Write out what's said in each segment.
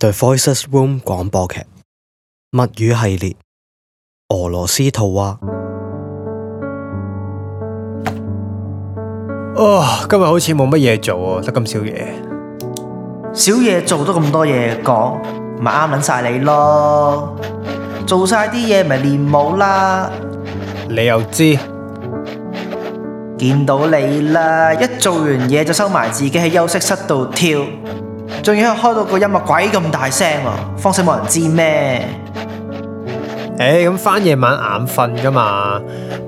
The Voices Room 廣播劇，物語系列，俄羅斯套娃。哦，今日好似冇乜嘢做啊，得咁少嘢。少嘢做都咁多嘢講，咪啱捻晒你咯。做晒啲嘢咪練舞啦。你又知？見到你啦，一做完嘢就收埋自己喺休息室度跳。仲要開到個音樂，鬼咁大聲啊，方死冇人知咩？誒，咁翻夜晚眼瞓噶嘛？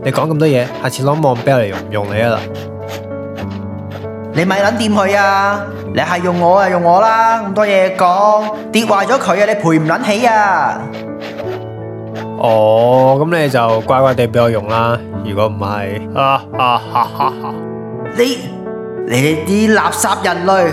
你講咁多嘢，下次攞網表嚟用用你啊啦！你咪捻掂佢啊！你係用我啊，用我啦！咁多嘢講，跌壞咗佢啊，你賠唔捻起啊？哦，咁你就乖乖地俾我用啦。如果唔係，你你哋啲垃圾人類！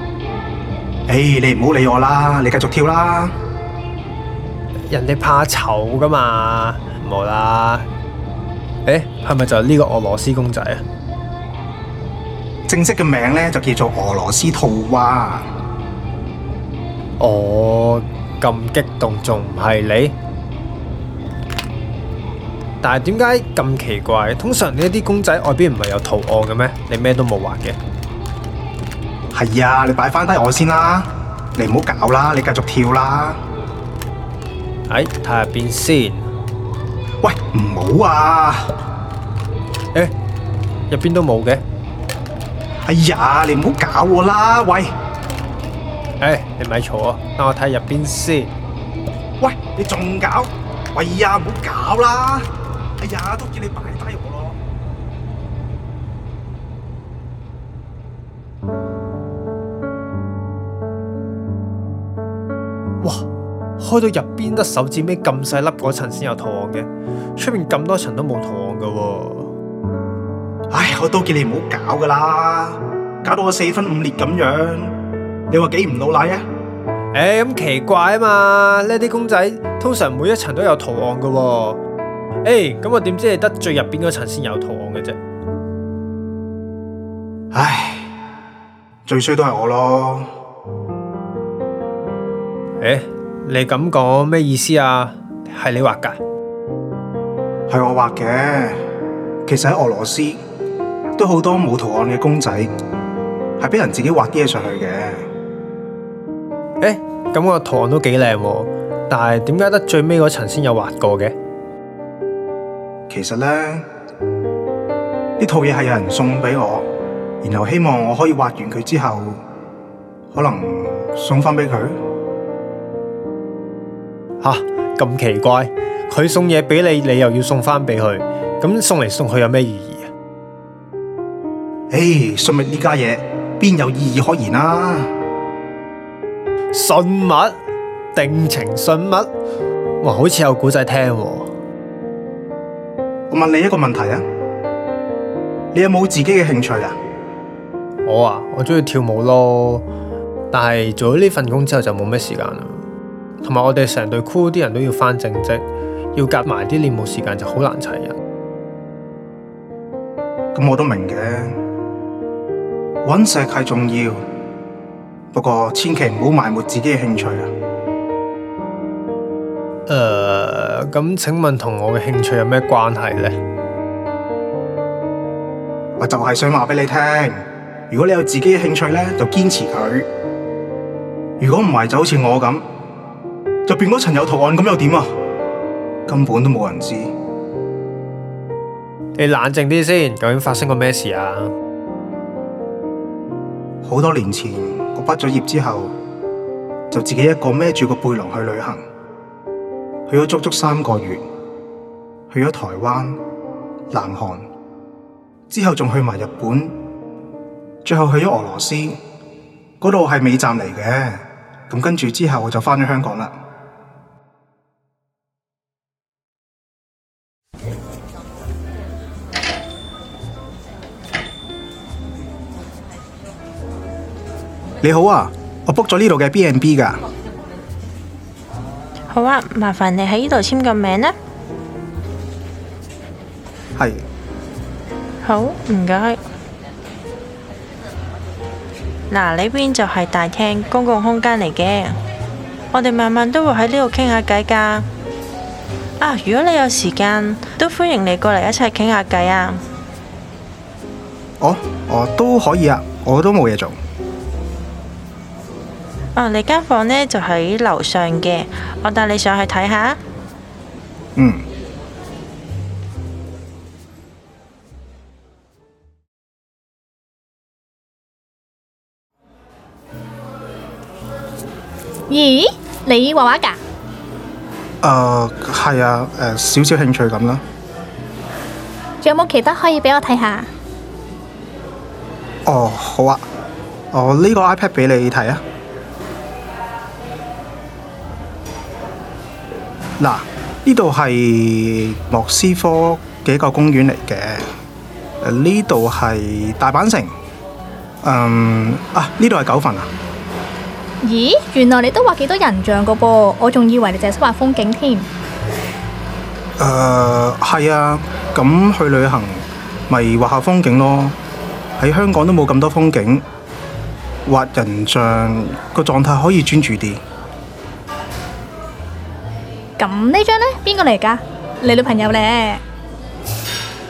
誒，你唔好理我啦，你繼續跳啦。人哋怕醜噶嘛，冇啦。誒，係咪就係呢個俄羅斯公仔啊？正式嘅名咧就叫做俄羅斯套娃。哦，咁激動仲唔係你？但係點解咁奇怪？通常呢啲公仔外邊唔係有圖案嘅咩？你咩都冇畫嘅。係啊，你擺翻低我先啦，你唔好搞啦，你繼續跳啦。哎，睇下入邊先。喂，唔好啊。誒，入邊都冇嘅。哎呀，你唔好搞我啦。喂，誒，你咪嘈啊，等我睇下入邊先。喂，你仲搞？喂啊，唔好搞啦。哎呀，都叫你擺。哇！開到入邊得手指尾咁細粒嗰層，先有圖案嘅，出面咁多層都冇圖案噶。哎呀，我都叫你唔好搞噶啦，搞到我四分五裂咁樣。你話幾唔老禮啊？誒，咁奇怪啊嘛，呢啲公仔通常每一層都有圖案噶。誒，咁我點知你得最入邊嗰層先有圖案嘅啫？唉，最衰都係我咯。誒、欸，你咁講咩意思啊？係你畫噶？係我畫嘅。其實喺俄羅斯都好多冇圖案嘅公仔，係俾人自己畫啲嘢上去嘅。誒、欸，咁個圖案都幾靚，但係點解得最尾嗰層先有畫過嘅？其實咧，呢套嘢係有人送俾我，然後希望我可以畫完佢之後，可能送翻俾佢。吓咁、啊、奇怪，佢送嘢俾你，你又要送翻俾佢，咁送嚟送去有咩意義啊？誒、hey，信物呢家嘢邊有意義可言啊？信物定情信物，哇，好似有古仔聽喎、啊。我問你一個問題啊，你有冇自己嘅興趣啊？我啊，我中意跳舞咯，但係做咗呢份工之後就冇咩時間啦。同埋我哋成隊 crew 啲人都要返正職，要夾埋啲練舞時間就好難齊人。咁我都明嘅，搵食係重要，不過千祈唔好埋沒自己嘅興趣啊。誒，咁請問同我嘅興趣有咩關係咧？我就係想話俾你聽，如果你有自己嘅興趣咧，就堅持佢；如果唔係，就好似我咁。就變咗嗰層有圖案咁又點啊？根本都冇人知。你冷靜啲先，究竟發生過咩事啊？好多年前我畢咗業之後，就自己一個孭住個背囊去旅行，去咗足足三個月，去咗台灣、南韓，之後仲去埋日本，最後去咗俄羅斯，嗰度係美站嚟嘅。咁跟住之後我就返咗香港啦。你好啊，我 book 咗呢度嘅 BNB 噶。好啊，麻煩你喺呢度簽個名啦。係是。好，唔該。嗱，呢邊就係大廳公共空間嚟嘅，我哋晚晚都會喺呢度傾下偈噶。啊，如果你有時間，都歡迎你過嚟一齊傾下偈啊哦。哦，我都可以啊，我都冇嘢做。啊、哦，你間房咧就喺樓上嘅，我帶你上去睇下。嗯。咦？你畫畫噶？誒、呃，係啊，誒、呃，少少興趣咁啦。仲有冇其他可以畀我睇下？哦，好啊，我呢個 iPad 畀你睇啊。嗱，呢度係莫斯科嘅一個公園嚟嘅，呢度係大阪城，嗯啊，呢度係九份啊？咦，原來你都畫幾多人像噶噃？我仲以為你淨係識畫風景添。誒、呃，係啊，咁去旅行咪畫下風景咯。喺香港都冇咁多風景，畫人像個狀態可以專注啲。咁呢張咧，邊個嚟噶你女朋友咧？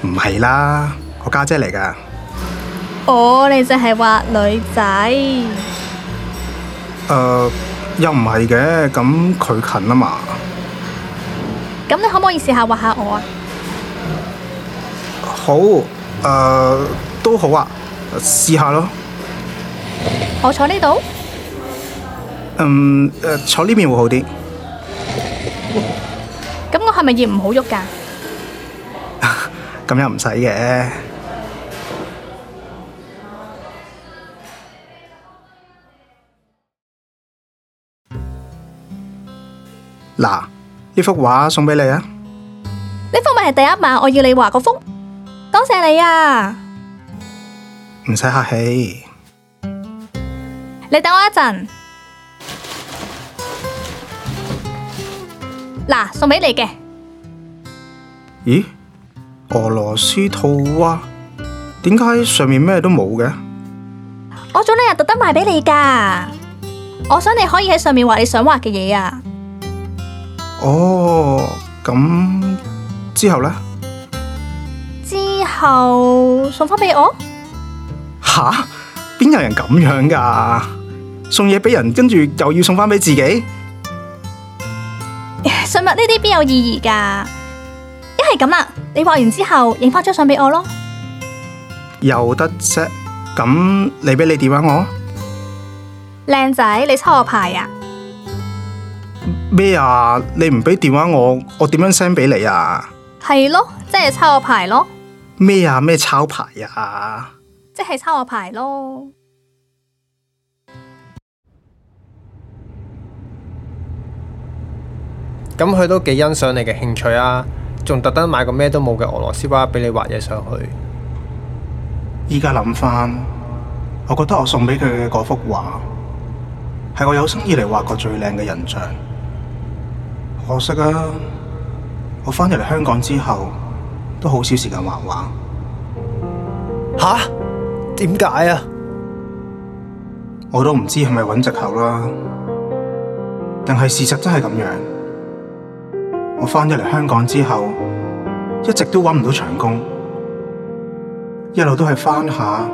唔係啦，我家姐嚟噶。哦，你就係畫女仔。誒，又唔係嘅，咁佢近啊嘛。咁你可唔可以試下畫下我啊？好，誒，都好啊，試下咯。我坐呢度？嗯，誒，坐呢邊會好啲。咁我係咪要唔好喐噶？咁又唔使嘅。嗱，呢幅畫送俾你啊！呢幅咪係第一晚，我要你畫嗰幅。多謝你啊！唔使客氣。你等我一陣。嗱，送俾你嘅。咦，俄羅斯套娃？點解上面咩都冇嘅？我早兩日特登買俾你噶。我想你可以喺上面畫你想畫嘅嘢啊。哦，咁之後咧？之後，之後送翻俾我？吓，邊有人咁樣噶、啊？送嘢俾人，跟住又要送翻俾自己？呢啲邊有意義噶？一係咁啦，你畫完之後影翻張相俾我咯。又得啫。咁你俾你電話我。靚仔，你抄我牌啊？咩啊？你唔俾電話我，我點樣 send 俾你啊？係咯，即係抄我牌咯。咩啊？咩抄牌啊？即係抄我牌咯。咁佢都幾欣賞你嘅興趣啊，仲特登買個咩都冇嘅俄羅斯套娃俾你畫嘢上去。依家諗翻，我覺得我送俾佢嘅嗰幅畫係我有生以來畫過最靚嘅人像。可惜啊，我翻入嚟香港之後都好少時間畫畫。吓？點解啊？我都唔知係咪揾借口啦，但係事實真係咁樣。我返咗嚟香港之後，一直都揾唔到長工，一路都係翻下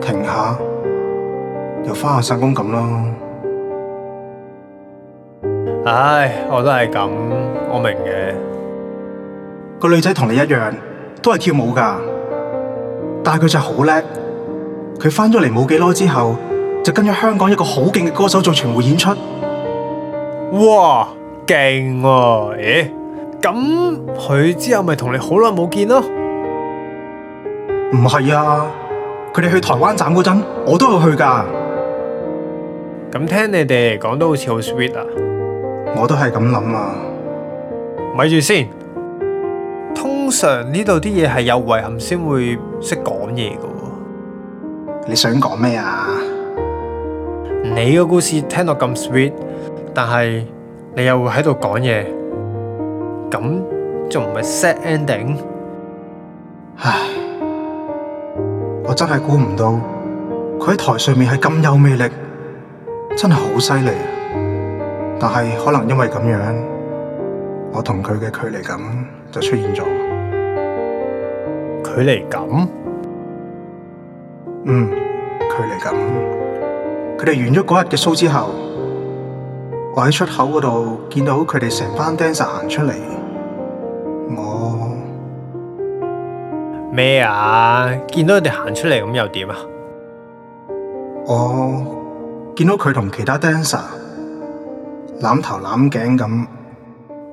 停下，又翻下散工咁咯。唉，我都係咁，我明嘅。個女仔同你一樣，都係跳舞㗎，但係佢就好叻。佢返咗嚟冇幾耐之後，就跟咗香港一個好勁嘅歌手做巡迴演出。哇！勁哦，咦、欸？咁佢之後咪同你好耐冇見咯？唔係啊，佢哋去台灣站嗰陣，我都會去噶。咁聽你哋講都好似好 sweet 啊！我都係咁諗啊。咪住先，通常呢度啲嘢係有遺憾先會識講嘢噶。你想講咩啊？你個故事聽到咁 sweet，但係。你又會喺度講嘢，咁仲唔係 sad ending？唉，我真係估唔到佢喺台上面係咁有魅力，真係好犀利。但係可能因為咁樣，我同佢嘅距離感就出現咗。距離感，嗯，距離感。佢哋完咗嗰日嘅 show 之後。我喺出口嗰度見到佢哋成班 dancer 行出嚟，我咩啊？見到佢哋行出嚟咁又點啊？我見到佢同其他 dancer 攬頭攬頸咁，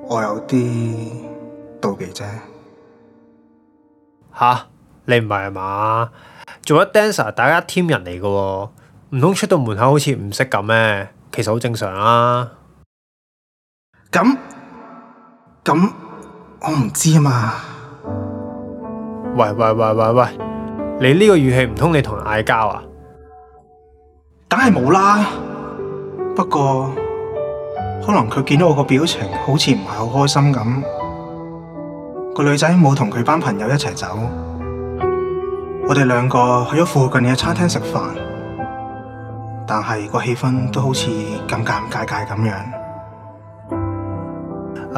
我有啲妒忌啫。吓，你唔係啊嘛？做咗 dancer 大家 team 人嚟㗎，唔通出到門口好似唔識咁咩？其實好正常啊。咁咁，我唔知啊嘛。喂喂喂喂喂，喂喂，你呢個語氣，唔通你同人嗌交啊？梗係冇啦。不過可能佢見到我個表情好似唔係好開心咁，個女仔冇同佢班朋友一齊走。我哋兩個去咗附近嘅餐廳食飯，但係個氣氛都好似尷尷尬尬咁樣。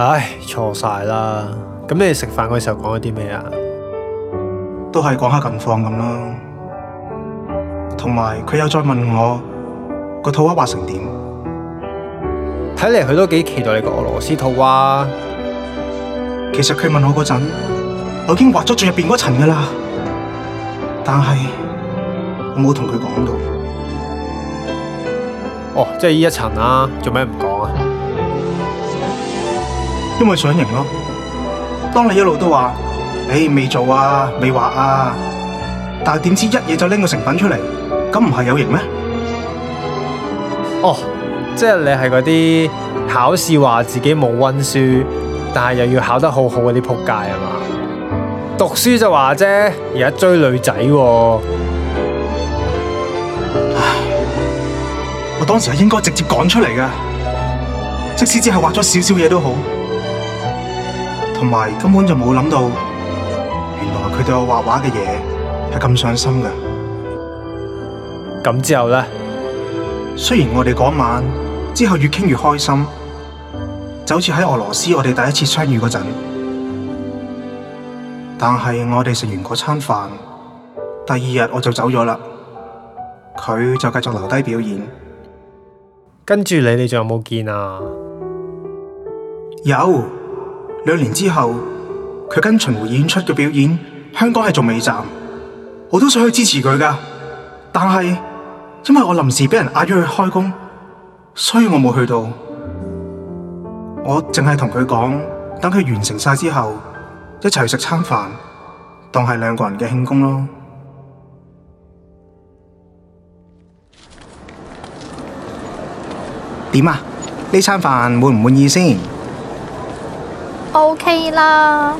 唉，錯晒啦！咁你哋食飯嗰時候講咗啲咩啊？都係講下近況咁咯。同埋佢又再問我個套娃畫成點？睇嚟佢都幾期待你個俄羅斯套娃。其實佢問我嗰陣，我已經畫咗最入邊嗰層噶啦，但係我冇同佢講到。哦，即係呢一層啦，啊，做咩唔講？因為想型咯。當你一路都話，誒、hey，未做啊，未畫啊，但係點知一嘢就拎個成品出嚟，咁唔係有型咩？哦，即係你係嗰啲考試話自己冇溫書，但係又要考得好好嗰啲撲街啊嘛？讀書就話啫，而家追女仔、啊。唉，我當時係應該直接講出嚟噶，即使只係畫咗少少嘢都好。同埋根本就冇諗到，原來佢對我畫畫嘅嘢係咁上心嘅。咁之後咧，雖然我哋嗰晚之後越傾越開心，就好似喺俄羅斯我哋第一次相遇嗰陣，但係我哋食完嗰餐飯，第二日我就走咗啦。佢就繼續留低表演，跟住你哋仲有冇見啊？有。兩年之後，佢跟巡迴演出嘅表演，香港係做尾站，我都想去支持佢噶，但係因為我臨時俾人壓咗去開工，所以我冇去到。我淨係同佢講，等佢完成晒之後，一齊去食餐飯，當係兩個人嘅慶功咯。點啊？飯滿滿呢餐飯滿唔滿意先？OK 啦，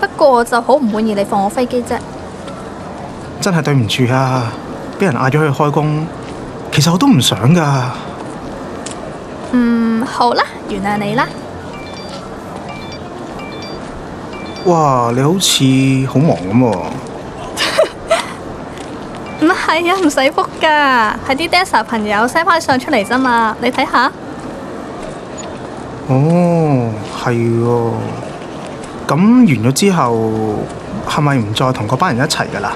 不過就好唔滿意你放我飛機啫，真係對唔住啊！俾人嗌咗去開工，其實我都唔想噶。嗯，好啦，原諒你啦。哇，你好似好忙咁喎。唔係啊，唔使覆噶，係啲 Dasa 朋友 send 返相出嚟啫嘛，你睇下。哦，係喎。咁完咗之後，係咪唔再同嗰班人一齊噶啦？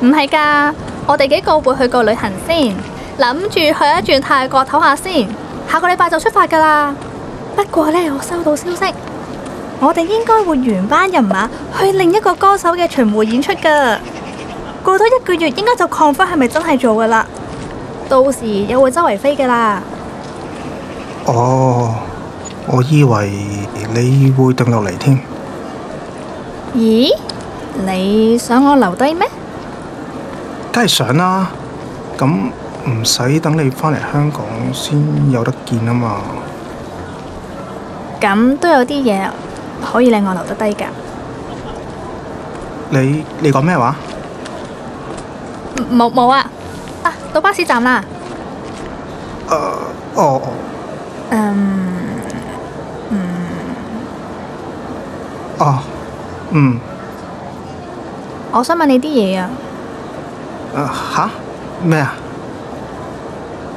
唔係噶，我哋幾個會去個旅行先，諗住去一轉泰國唞下先。下個禮拜就出發噶啦。不過呢，我收到消息，我哋應該會原班人馬去另一個歌手嘅巡迴演出噶。過多一個月，應該就 confirm 係咪真係做噶啦。到時又會周圍飛噶啦。哦，我以為你會等落嚟添。咦？你想我留低咩？梗係想啦。咁唔使等你返嚟香港先有得見啊嘛。咁都有啲嘢可以令我留得低噶。你你講咩話？冇冇啊！啊，到巴士站啦。呃，哦哦。嗯，我想問你啲嘢啊。啊，吓？咩啊？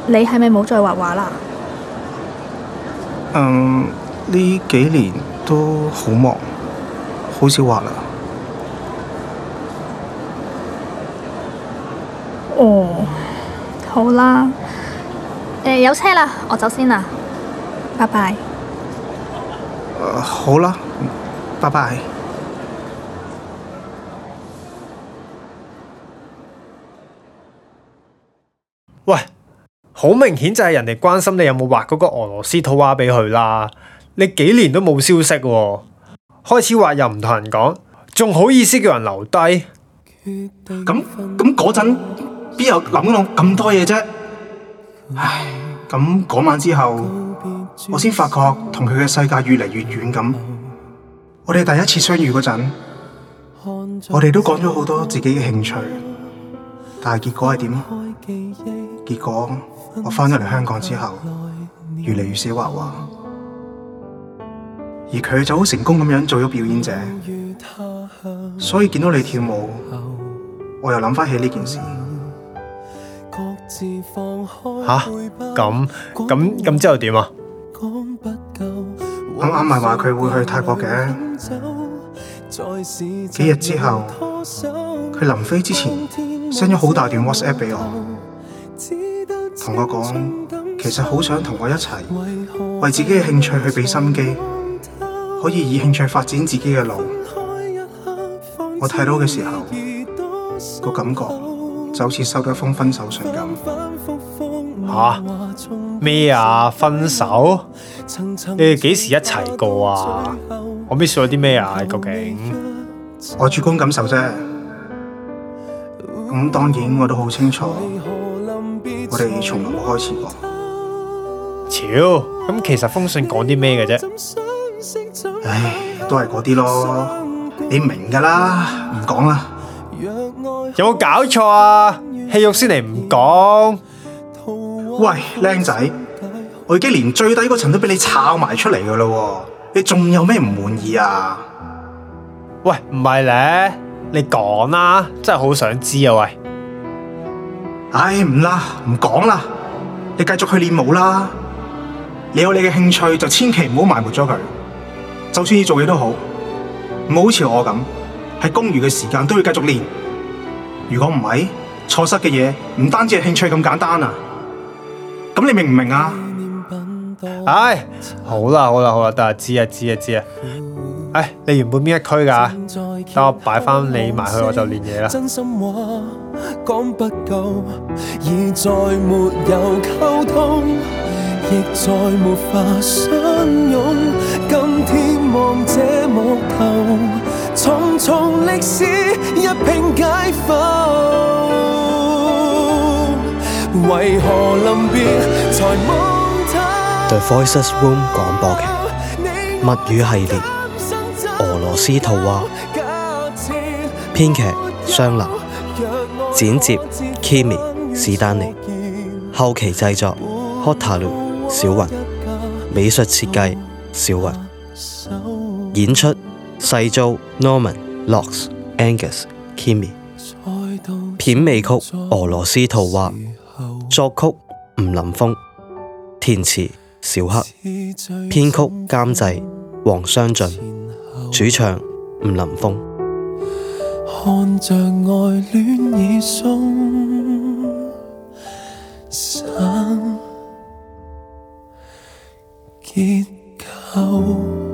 你係咪冇再畫畫啦？嗯，呢幾年都好忙，好少畫啦。哦，好啦，誒、呃，有車啦，我先走先啦，拜拜。啊、好啦，拜拜。好明顯就係人哋關心你有冇畫嗰個俄羅斯套娃俾佢啦，你幾年都冇消息，啊，開始畫又唔同人講，仲好意思叫人留低？咁咁嗰陣，邊有諗到咁多嘢啫？唉，咁嗰晚之後，我先發覺同佢嘅世界越嚟越遠咁。我哋第一次相遇嗰陣，我哋都講咗好多自己嘅興趣，但係結果係點啊？結果。我返咗嚟香港之後，越嚟越少畫畫，而佢就好成功咁樣做咗表演者，所以見到你跳舞，我又諗翻起呢件事。吓，咁咁咁之後點啊？咁啱咪話佢會去泰國嘅？幾日之後，佢臨飛之前，send 咗好大段 WhatsApp 俾我。同我講，其實好想同我一齊，為自己嘅興趣去俾心機，可以以興趣發展自己嘅路。我睇到嘅時候，個感覺就好似收咗封分手信咁。吓？咩啊？啊？分手？你哋幾時一齊過啊？我 miss 咗啲咩啊？究竟我主觀感受啫。咁，嗯，當然我都好清楚。我哋從頭開始講。超，咁其實封信講啲咩嘅啫？唉，都係嗰啲咯，你明噶啦，唔講啦。有冇搞錯啊？戲肉先嚟唔講。喂，靚仔，我已經連最低嗰層都俾你炒埋出嚟噶啦，你仲有咩唔滿意啊？喂，唔係咧，你講啦，真係好想知啊，喂。唉，唔啦，唔講啦，你繼續去練舞啦。你有你嘅興趣就千祈唔好埋沒咗佢。就算要做嘢都好，唔好好似我咁，喺工餘嘅時間都要繼續練。如果唔係，錯失嘅嘢唔單止係興趣咁簡單啊。咁你明唔明啊？唉，好啦好啦好啦，得，知啊知啊知啊。哎，你原本邊一區噶？等我擺翻你埋去，我就練嘢啦。The Voices Room 廣播劇物語系列。俄羅斯套娃，編劇湘藍，剪接 Kimi，史丹尼，後期製作 Hotaru 小魂，美術設計小魂，演出細 Joe Norman，Nox，Angus，Kimi，片尾曲俄羅斯套娃，作曲吳林峰，填詞小克，編曲監製王雙駿。主唱吳林峰。看着愛戀已鬆散，結構。